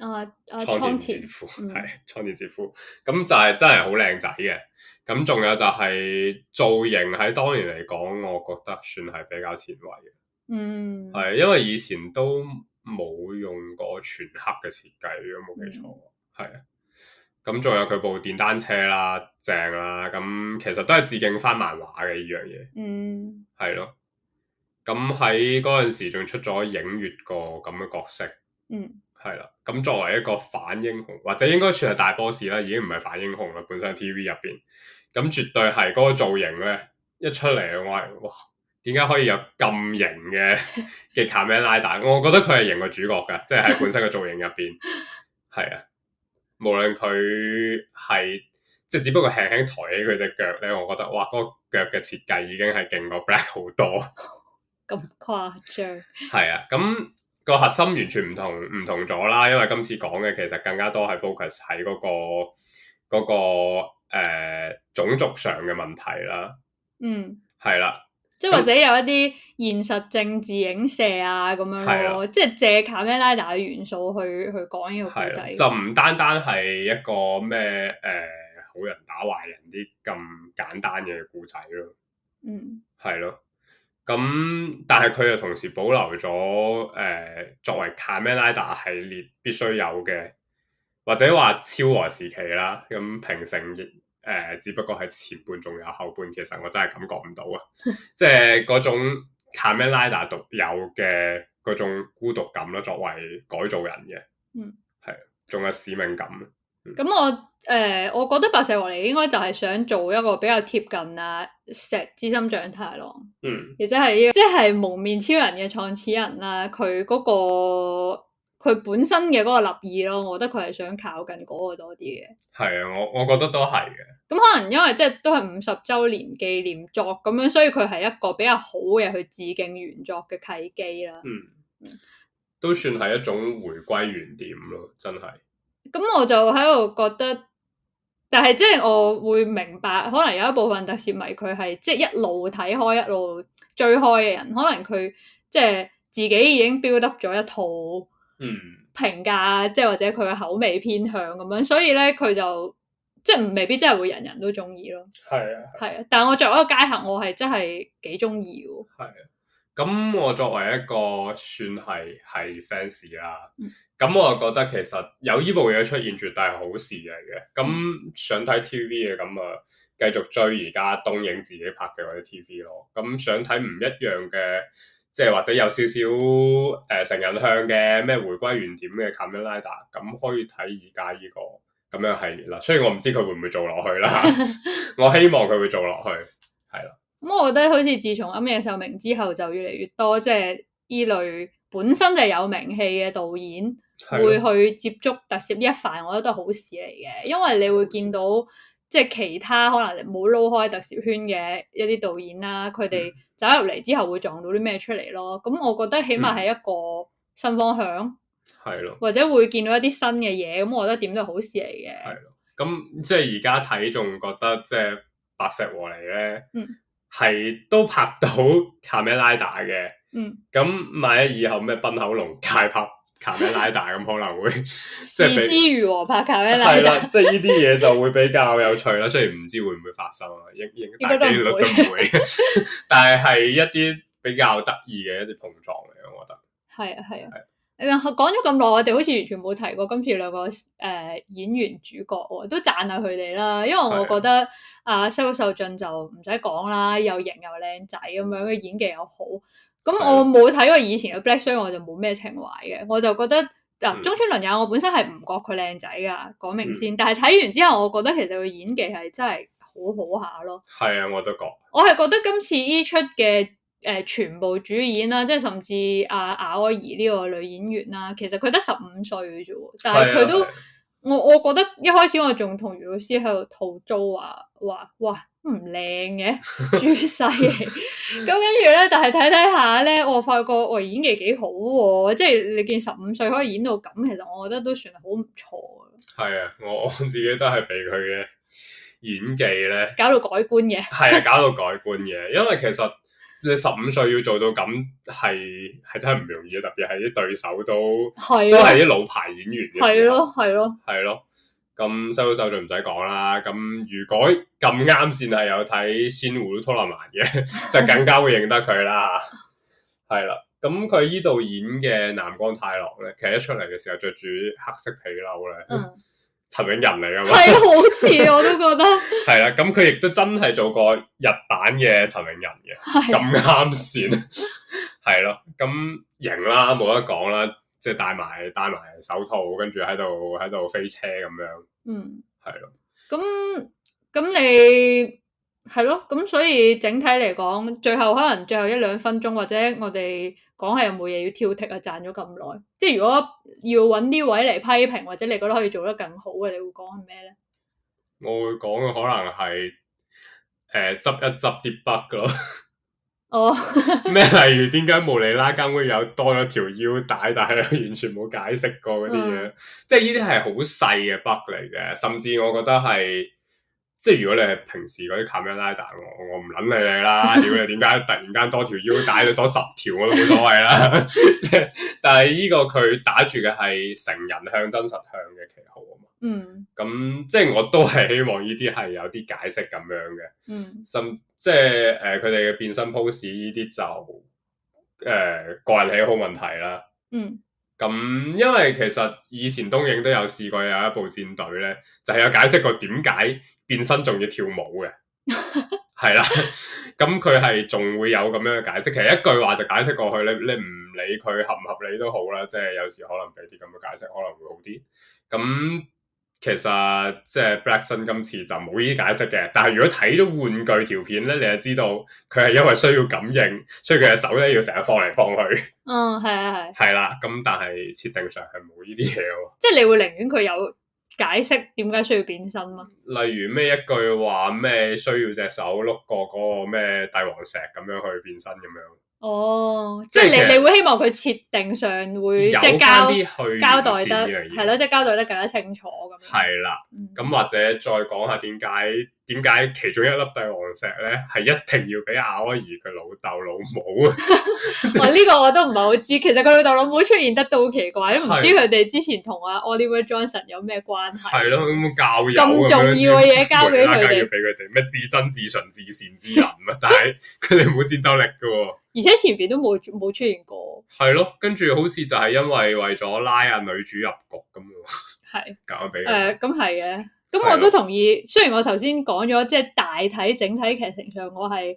哦、啊，倉、啊、蒼田鐵夫係倉田哲是、嗯、夫，咁就係真係好靚仔嘅。咁仲有就係造型喺當年嚟講，我覺得算係比較前衛嘅。嗯，係因為以前都。冇用過全黑嘅設計，如果冇記錯，係啊，嗯。咁仲有佢部電單車啦，正啦。咁其實都係致敬翻漫畫嘅呢樣嘢。嗯，係咯。咁喺嗰陣時仲出咗影月個咁嘅角色。嗯，係啦。咁作為一個反英雄，或者應該算係大 boss 啦，已經唔係反英雄啦。本身 TV 入邊，咁絕對係嗰個造型咧，一出嚟我哇！點解可以有咁型嘅嘅 Kamen Rider？我覺得佢係型個主角㗎，即係喺本身嘅造型入邊，係啊。 (laughs) 無論佢係即係只不過輕輕抬起佢隻腳咧，我覺得哇，嗰個腳嘅設計已經係勁過 Black 好多。咁誇張？係啊， (laughs) 咁個核心完全唔同唔同咗啦。因為今次講嘅其實更加多係 focus 喺嗰個嗰個誒、呃、種族上嘅問題啦。嗯，係啦。即或者有一啲現實政治影射啊咁樣咯，啊、即借 Kamen Rider 元素去去講呢個故仔，啊，就唔單單係一個咩誒、呃、好人打壞人啲咁簡單嘅故仔咯。嗯，係咯、啊。咁但係佢又同時保留咗誒、呃、作為 Kamen Rider 系列必須有嘅，或者話昭和時期啦，咁平成。誒、呃，只不過係前半仲有後半，其實我真係感覺唔到啊， (laughs) 即係嗰種卡梅拉達獨有嘅嗰種孤獨感咯，作為改造人嘅，嗯，係仲有使命感。咁、嗯、我誒、呃，我覺得白石和彌應該就係想做一個比較貼近啊石之森章太郎，嗯，亦即係即係蒙面超人嘅創始人啦、啊，佢嗰、那個。佢本身嘅嗰個立意咯，我覺得佢係想靠近嗰個多啲嘅。係啊，我我覺得都係嘅。咁可能因為即係都係五十周年紀念作咁樣，所以佢係一個比較好嘅去致敬原作嘅契機啦。嗯，都算係一種回歸原點咯，真係。咁我就喺度覺得，但係即係我會明白，可能有一部分特攝迷佢係即係一路睇開一路追開嘅人，可能佢即係自己已經 build up 咗一套。嗯，評價即係或者佢嘅口味偏向咁樣，所以咧佢就即係未必真係會人人都中意咯。係啊，係啊。但係我作為一個街客，我係真係幾中意喎。係啊，咁我作為一個算係係 fans 啦。嗯，咁我就覺得其實有依部嘢出現，絕對係好事嚟嘅。咁、嗯、想睇 TV 嘅咁啊，繼續追而家東映自己拍嘅或者 TV 咯。咁想睇唔一樣嘅，即係或者有少少誒、呃、成人向嘅咩回歸原點嘅《Kamen Rider》，咁可以睇而家呢個咁樣系列啦。雖然我唔知佢會唔會做落去啦， (laughs) 我希望佢會做落去，係咯。咁 (noise) 我覺得好似自從庵野秀明之後就越越，就越嚟越多即係依類本身就有名氣嘅導演會去接觸特攝一番，我覺得都係好事嚟嘅，因為你會見到。即係其他可能冇撈開特攝圈嘅一啲導演啦，佢哋走入嚟之後會撞到啲咩出嚟咯？咁我覺得起碼係一個新方向，係咯、嗯，或者會見到一啲新嘅嘢。咁我覺得點都係好事嚟嘅。係咯，咁即係而家睇仲覺得即係白石和嚟咧，係、嗯、都拍到卡梅拉打嘅。嗯，咁、嗯、萬一以後咩奔口龍街拍？卡美拉大咁可能會，未知如何拍卡美拉。係啦 (laughs) (laughs) 被，即係呢啲嘢就會比較有趣啦，雖然唔知會唔會發生啊，一一個幾率都唔會。 (laughs) (laughs) 但係係一啲比較得意嘅一啲碰撞嚟，我覺得。係啊係啊，講咗咁耐，我哋好似完全冇提過今次兩個誒、呃、演員主角喎，都讚下佢哋啦，因為我覺得阿西島的、啊、秀俊就唔使講啦，又型又靚仔咁樣，嘅 (laughs) 演技又好。咁、嗯嗯、我冇睇過以前嘅 Black Sun，我就冇咩情懷嘅。我就覺得嗱，啊嗯、中村倫也我本身係唔覺佢靚仔噶，講明先。嗯、但係睇完之後，我覺得其實佢演技係真係好好下咯。係啊，我都覺。我係覺得今次呢出嘅誒、呃、全部主演啦、啊，即係甚至阿阿 Aoi 呢個女演員啦、啊，其實佢得十五歲啫，但係佢都。我我覺得一開始我仲同余老師喺度吐槽話話，哇唔靚嘅，豬細咁跟住咧，但係睇睇下咧，我發覺我演技幾好，啊，即係你見十五歲可以演到咁，其實我覺得都算係好唔錯嘅。係啊，我我自己都係畀佢嘅演技咧，搞到改觀嘅。係 (laughs) 啊，搞到改觀嘅，因為其實。你十五歲要做到咁係係真係唔容易嘅，特別係啲對手都的都係啲老牌演員。係咯，係咯，係咯。咁收咗手就唔使講啦。咁如果咁啱，先係有睇仙湖拖拉曼嘅，就更加會認得佢啦。係啦， (laughs) 咁佢依度演嘅南光太郎咧，其實一出嚟嘅時候着住黑色皮褸咧。 (laughs) 嗯陳永仁嚟噶嘛？係 (laughs) 啊，好似我都覺得係啦。咁佢亦都真係做過日版嘅陳永仁嘅，咁啱先。係 (laughs) 咯、啊。咁型啦，冇得講啦，即係戴埋戴埋手套，跟住喺度喺度飛車咁樣。嗯，係咯、啊。咁咁你？係咯，咁所以整體嚟講，最後可能最後一兩分鐘或者我哋講係有冇嘢要挑剔啊？讚咗咁耐，即係如果要揾啲位嚟批評，或者你覺得可以做得更好嘅，你會講係咩咧？我會講嘅可能係誒，執、呃、一執啲 bug 咯。哦，咩？例如點解無尼啦間會有多咗條腰帶，但係又完全冇解釋過嗰啲嘢？Um. 即係呢啲係好細嘅 bug 嚟嘅，甚至我覺得係。即係如果你係平時嗰啲 Kamen Rider，我我唔捻理你 (laughs) 如果你啦，屌你點解突然間多條腰帶你多十條我都冇所謂啦。 (laughs) 即係，但係依個佢打住嘅係成人向真實向嘅旗號啊嘛。嗯，咁即係我都係希望呢啲係有啲解釋咁樣嘅。嗯，甚即係誒，佢哋嘅變身 pose 呢啲就誒、呃、個人喜好問題啦。嗯。咁，因為其實以前東映都有試過有一部戰隊咧，就係有解釋過點解變身仲要跳舞嘅，係啦。 (laughs) 咁佢係仲會有咁樣嘅解釋，其實一句話就解釋過去，你你唔理佢合唔合理都好啦。即係有時可能俾啲咁嘅解釋可能會好啲。咁。其實即係 Black Sun 今次就冇呢啲解釋嘅，但係如果睇咗玩具條片咧，你就知道佢係因為需要感應，所以佢嘅手咧要成日放嚟放去。嗯，係啊，係。係啦，咁但係設定上係冇呢啲嘢嘅。即係你會寧願佢有解釋點解需要變身嗎？例如咩一句話咩需要隻手碌過嗰個咩帝王石咁樣去變身咁樣。哦，即係你你會希望佢設定上會即係交交代得係咯，即係交代得更加清楚咁。係啦，咁或者再講下點解點解其中一粒帝王石咧係一定要俾阿威兒佢老豆老母啊？呢個我都唔係好知。其實佢老豆老母出現得都好奇怪，都唔知佢哋之前同阿 Oliver Johnson 有咩關係。係咯，咁咁重要嘅嘢，交俾佢哋，交俾佢哋咩至真至純至善之人啊？但係佢哋冇戰鬥力噶。而且前邊都冇冇出現過，係咯，跟住好似就係因為為咗拉啊女主入局咁咯，係搞俾，誒，咁係嘅，咁我都同意。的雖然我頭先講咗，即係大體整體劇情上我係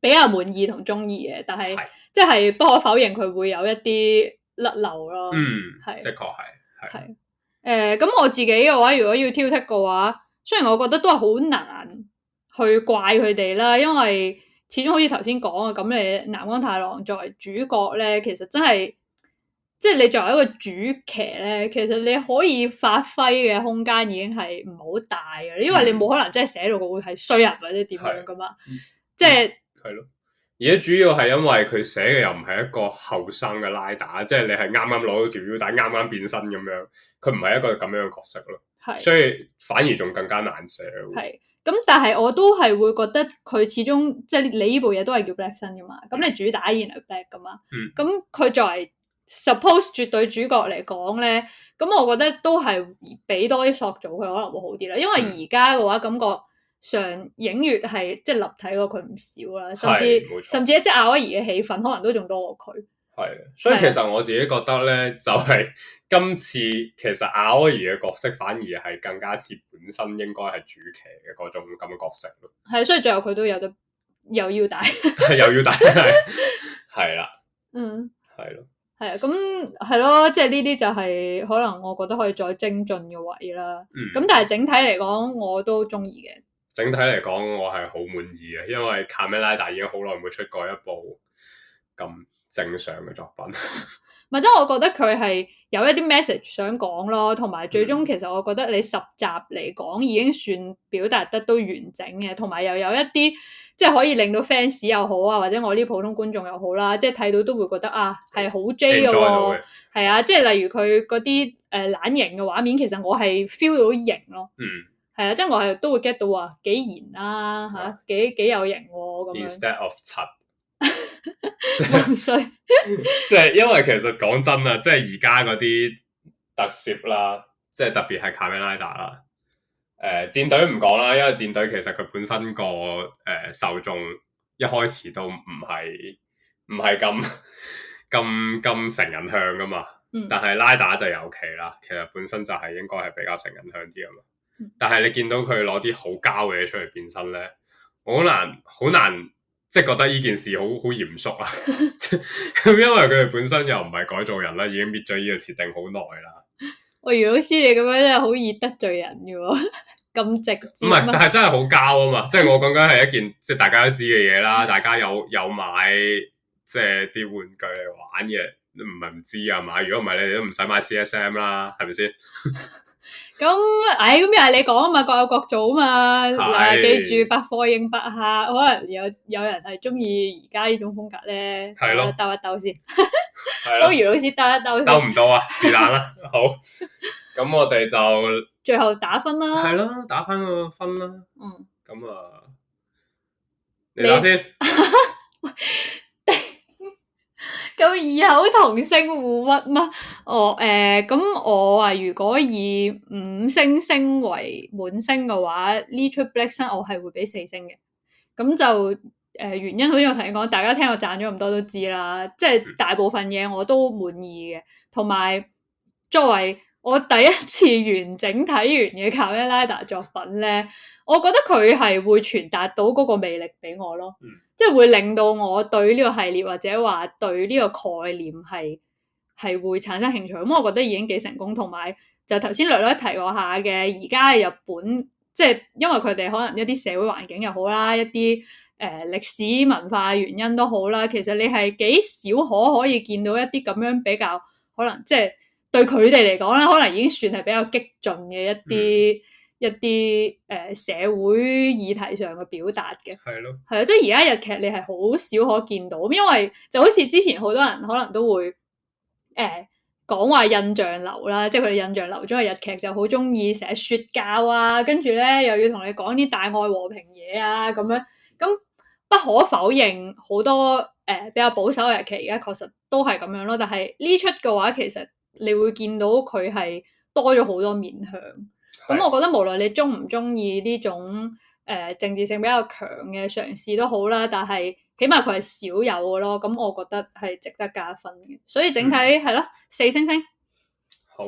比較滿意同中意嘅，但係即係不可否認佢會有一啲甩漏咯。嗯，係的，的確係係。誒，咁我自己嘅話，如果要挑剔嘅話，雖然我覺得都係好難去怪佢哋啦，因為。始終好似頭先講嘅，咁你南光太郎作為主角咧，其實真係即係你作為一個主騎咧，其實你可以發揮嘅空間已經係唔好大嘅，因為你冇可能真係寫到個會係衰人 (noise) 或者點樣噶嘛，即係的。係咯，就是。而家主要係因為佢寫嘅又唔係一個後生嘅拉打，即係你係啱啱攞到條腰帶，啱啱變身咁樣，佢唔係一個咁樣嘅角色咯，是所以反而仲更加難寫。係咁，但係我都係會覺得佢始終即係你呢部嘢都係叫 Black Sun 噶嘛，咁、嗯、你主打依然係 Black 噶嘛，咁佢、嗯、作為 suppose 絕對主角嚟講咧，咁我覺得都係俾多啲塑造佢可能會好啲啦，嗯、因為而家嘅話感覺。上映月係即係立體過佢唔少啦，甚至甚至一即係阿威兒嘅戲份，可能都仲多過佢。係，所以其實我自己覺得咧，就係、是、今次的其實阿威兒嘅角色反而係更加似本身應該係主角嘅嗰種咁嘅角色咯。係，所以最後佢都有得又腰帶 (laughs) (laughs) 又腰要帶帶，又腰帶，係啦。嗯，係咯的，係啊，咁係咯，即係呢啲就係、是、可能我覺得可以再精進嘅位啦。咁、嗯、但係整體嚟講，我都中意嘅。整體嚟講，我係好滿意嘅，因為《卡梅拉》大已經好耐冇出過一部咁正常嘅作品。或者我覺得佢係有一啲 message 想講咯，同埋最終其實我覺得你十集嚟講已經算表達得都完整嘅，同埋又有一啲即係可以令到 fans 又好啊，或者我呢啲普通觀眾又好啦，即係睇到都會覺得啊係好 J 嘅喎，係啊，即係例如佢嗰啲誒懶型嘅畫面，其實我係 feel 到型咯。嗯。嗯係啊，即係我係都會 get 到啊，幾賢啊，嚇，幾幾有型喎，咁 Instead of 七、 (laughs) 就是，唔衰。即係因為其實講真啊，即係而家嗰啲特攝啦，即、就、係、是、特別係卡梅拉打啦。誒、呃、戰隊唔講啦，因為戰隊其實佢本身個誒、呃、受眾一開始都唔係唔係咁咁咁成人向㗎嘛。嗯、但係拉打就有期啦，其實本身就係應該係比較成人向啲啊嘛。但係你見到佢攞啲好膠嘅嘢出嚟變身咧，好難好難，即係覺得呢件事好好嚴肅啊！咁 (laughs) 因為佢哋本身又唔係改造人啦，已經搣咗呢個設定好耐啦。喂，余老師，你咁樣真係好易得罪人嘅，咁 (laughs) 直唔係？但係真係好膠啊嘛！即係我講緊係一件即係大家都知嘅嘢啦， (laughs) 大家有有買即係啲玩具嚟玩嘅，唔係唔知啊嘛？如果唔係你哋都唔使買 CSM 啦，係咪先？ (laughs) 咁，唉、嗯，咁、哎、又係你講啊嘛，各有各做啊嘛。嗱是、啊，記住百貨應百客，可能有有人係中意而家呢種風格咧。係咯，兜一兜先。多如咯 (laughs) 老師兜一兜。兜唔到啊，折難啦。 (laughs) 好，咁我哋就最後打分啦。係咯，打翻個分啦。嗯。咁啊，你諗你先。 (laughs) 咁異口同聲互屈嗎？哦呃、我誒，咁我啊，如果以五星星為滿星嘅話，呢出 Black Sun 我係會俾四星嘅。咁就誒、呃，原因好似我同你講，大家聽我賺咗咁多都知啦，即、就、係、是、大部分嘢我都滿意嘅，同埋作為，我第一次完整睇完嘅卡一拉達作品咧，我覺得佢係會傳達到嗰個魅力俾我咯，嗯、即係會令到我對呢個系列或者話對呢個概念係係會產生興趣。咁我覺得已經幾成功，同埋就頭先略略提過下嘅，而家日本，即係因為佢哋可能一啲社會環境又好啦，一啲誒歷史文化原因都好啦，其實你係幾少可可以見到一啲咁樣比較可能即係。對佢哋嚟講咧，可能已經算係比較激進嘅一啲，嗯、一啲誒、呃、社會議題上嘅表達嘅。係咯的，係啊，即係而家日劇你係好少可見到，因為就好似之前好多人可能都會誒、呃、講話印象流啦，即係佢哋印象流咗嘅日劇就好中意寫說教啊，跟住咧又要同你講啲大愛和平嘢啊咁樣。咁不可否認，好多誒、呃、比較保守嘅日劇而家確實都係咁樣咯。但係呢出嘅話，其實。你會見到佢係多咗好多面向，咁是我覺得無論你中唔中意呢種誒、呃、政治性比較強嘅嘗試都好啦，但係起碼佢係少有嘅咯，咁我覺得係值得加分嘅。所以整體係咯、嗯、四星星。好，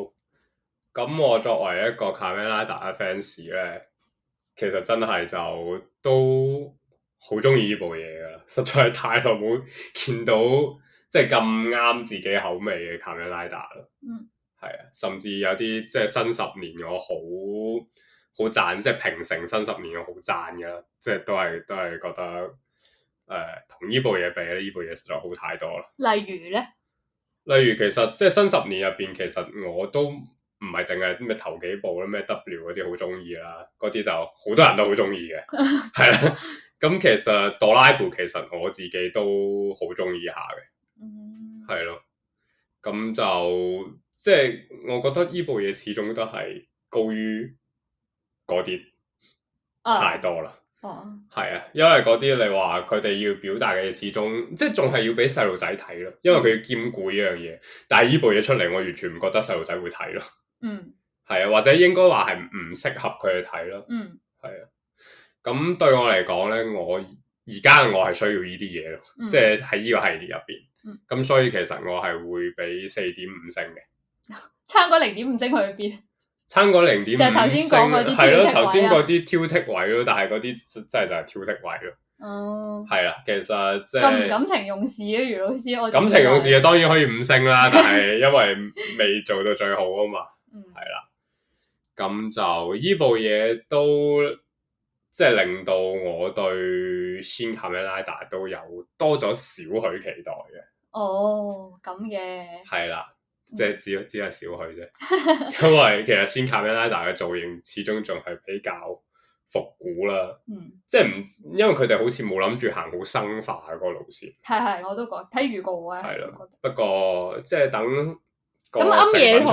咁我作為一個 Kamen Rider 嘅 fans 咧，其實真係就都好中意呢部嘢㗎喇，實在係太耐冇見到。即係咁啱自己口味嘅《Kamen Rider》咯，嗯，係啊，甚至有啲即係新十年我好好讚，即係平成新十年我好讚噶啦，即係都係都係覺得誒、呃，同呢部嘢比咧，呢部嘢實在好太多啦。例如咧，例如其實即係新十年入邊，其實我都唔係淨係咩頭幾部啦，咩 W 嗰啲好中意啦，嗰啲就好多人都好中意嘅，係啦。 (laughs) 咁、嗯、其實《Drive》其實我自己都好中意下嘅。嗯，係咯，咁就即係、就是、我覺得依部嘢始終都係高於嗰啲太多啦。哦、啊，係啊，因為嗰啲你話佢哋要表達嘅嘢始終即係仲係要俾細路仔睇咯，因為佢要兼顧呢樣嘢。但係依部嘢出嚟，我完全唔覺得細路仔會睇咯。嗯，係啊，或者應該話係唔適合佢去睇咯。嗯，係啊，咁對我嚟講咧，我而家我係需要依啲嘢咯，即係喺依個系列入邊。咁、嗯、所以其實我係會俾四點五星嘅， (laughs) 差，差過零點五星去邊？差過零點，就係頭先講嗰啲係咯，頭先嗰啲挑剔位咯，但係嗰啲真係就係挑剔位咯。哦、嗯，係啦，其實即、就、係、是、感情用事啊，余老師，我感情用事啊，當然可以五星啦， (laughs) 但係因為未做到最好啊嘛，係、嗯、啦，咁就呢部嘢都。即係令到我對 Shin Kamen Rider 都有多咗少許期待嘅。哦，咁嘅。係啦，即係只只係少許啫， (laughs) 因為其實 Shin Kamen Rider 嘅造型始終仲係比較復古啦。嗯。即係唔，因為佢哋好似冇諗住行好生化嗰個路線。係係，我都講睇預告啊。係咯的。不過，即係等。咁庵野同，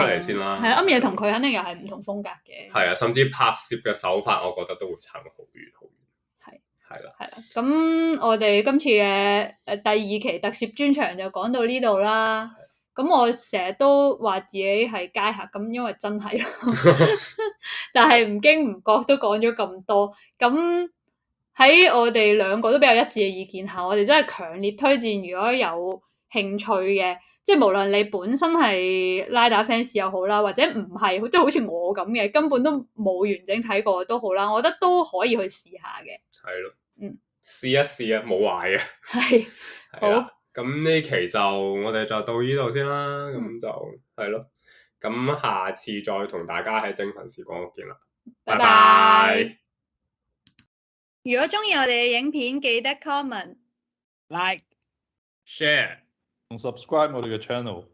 係庵野同佢肯定又係唔同風格嘅。係啊，甚至拍攝嘅手法，我覺得都會差好遠好遠。係係是啦。係啦。咁、嗯、我哋今次嘅誒第二期特攝專場就講到呢度啦。咁啦我成日都話自己係街客，咁因為真係，但係唔經唔覺都講咗咁多。咁喺我哋兩個都比較一致嘅意見下，我哋真係強烈推薦，如果有興趣嘅。即係無論你本身係拉打 fans 又好啦，或者唔係，即係好似我咁嘅，根本都冇完整睇過都好啦，我覺得都可以去試下嘅。係咯的，嗯，試一試啊，冇壞嘅。係是，的好。咁呢期就我哋就到呢度先啦。咁、嗯、就係咯。咁下次再同大家喺精神時光屋見啦。拜拜。拜拜。如果中意我哋嘅影片，記得 comment、like、share。同 subscribe 我哋嘅 channel，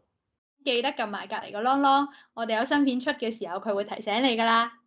記得撳埋隔籬個 long long 我哋有新片出嘅時候，佢會提醒你噶啦。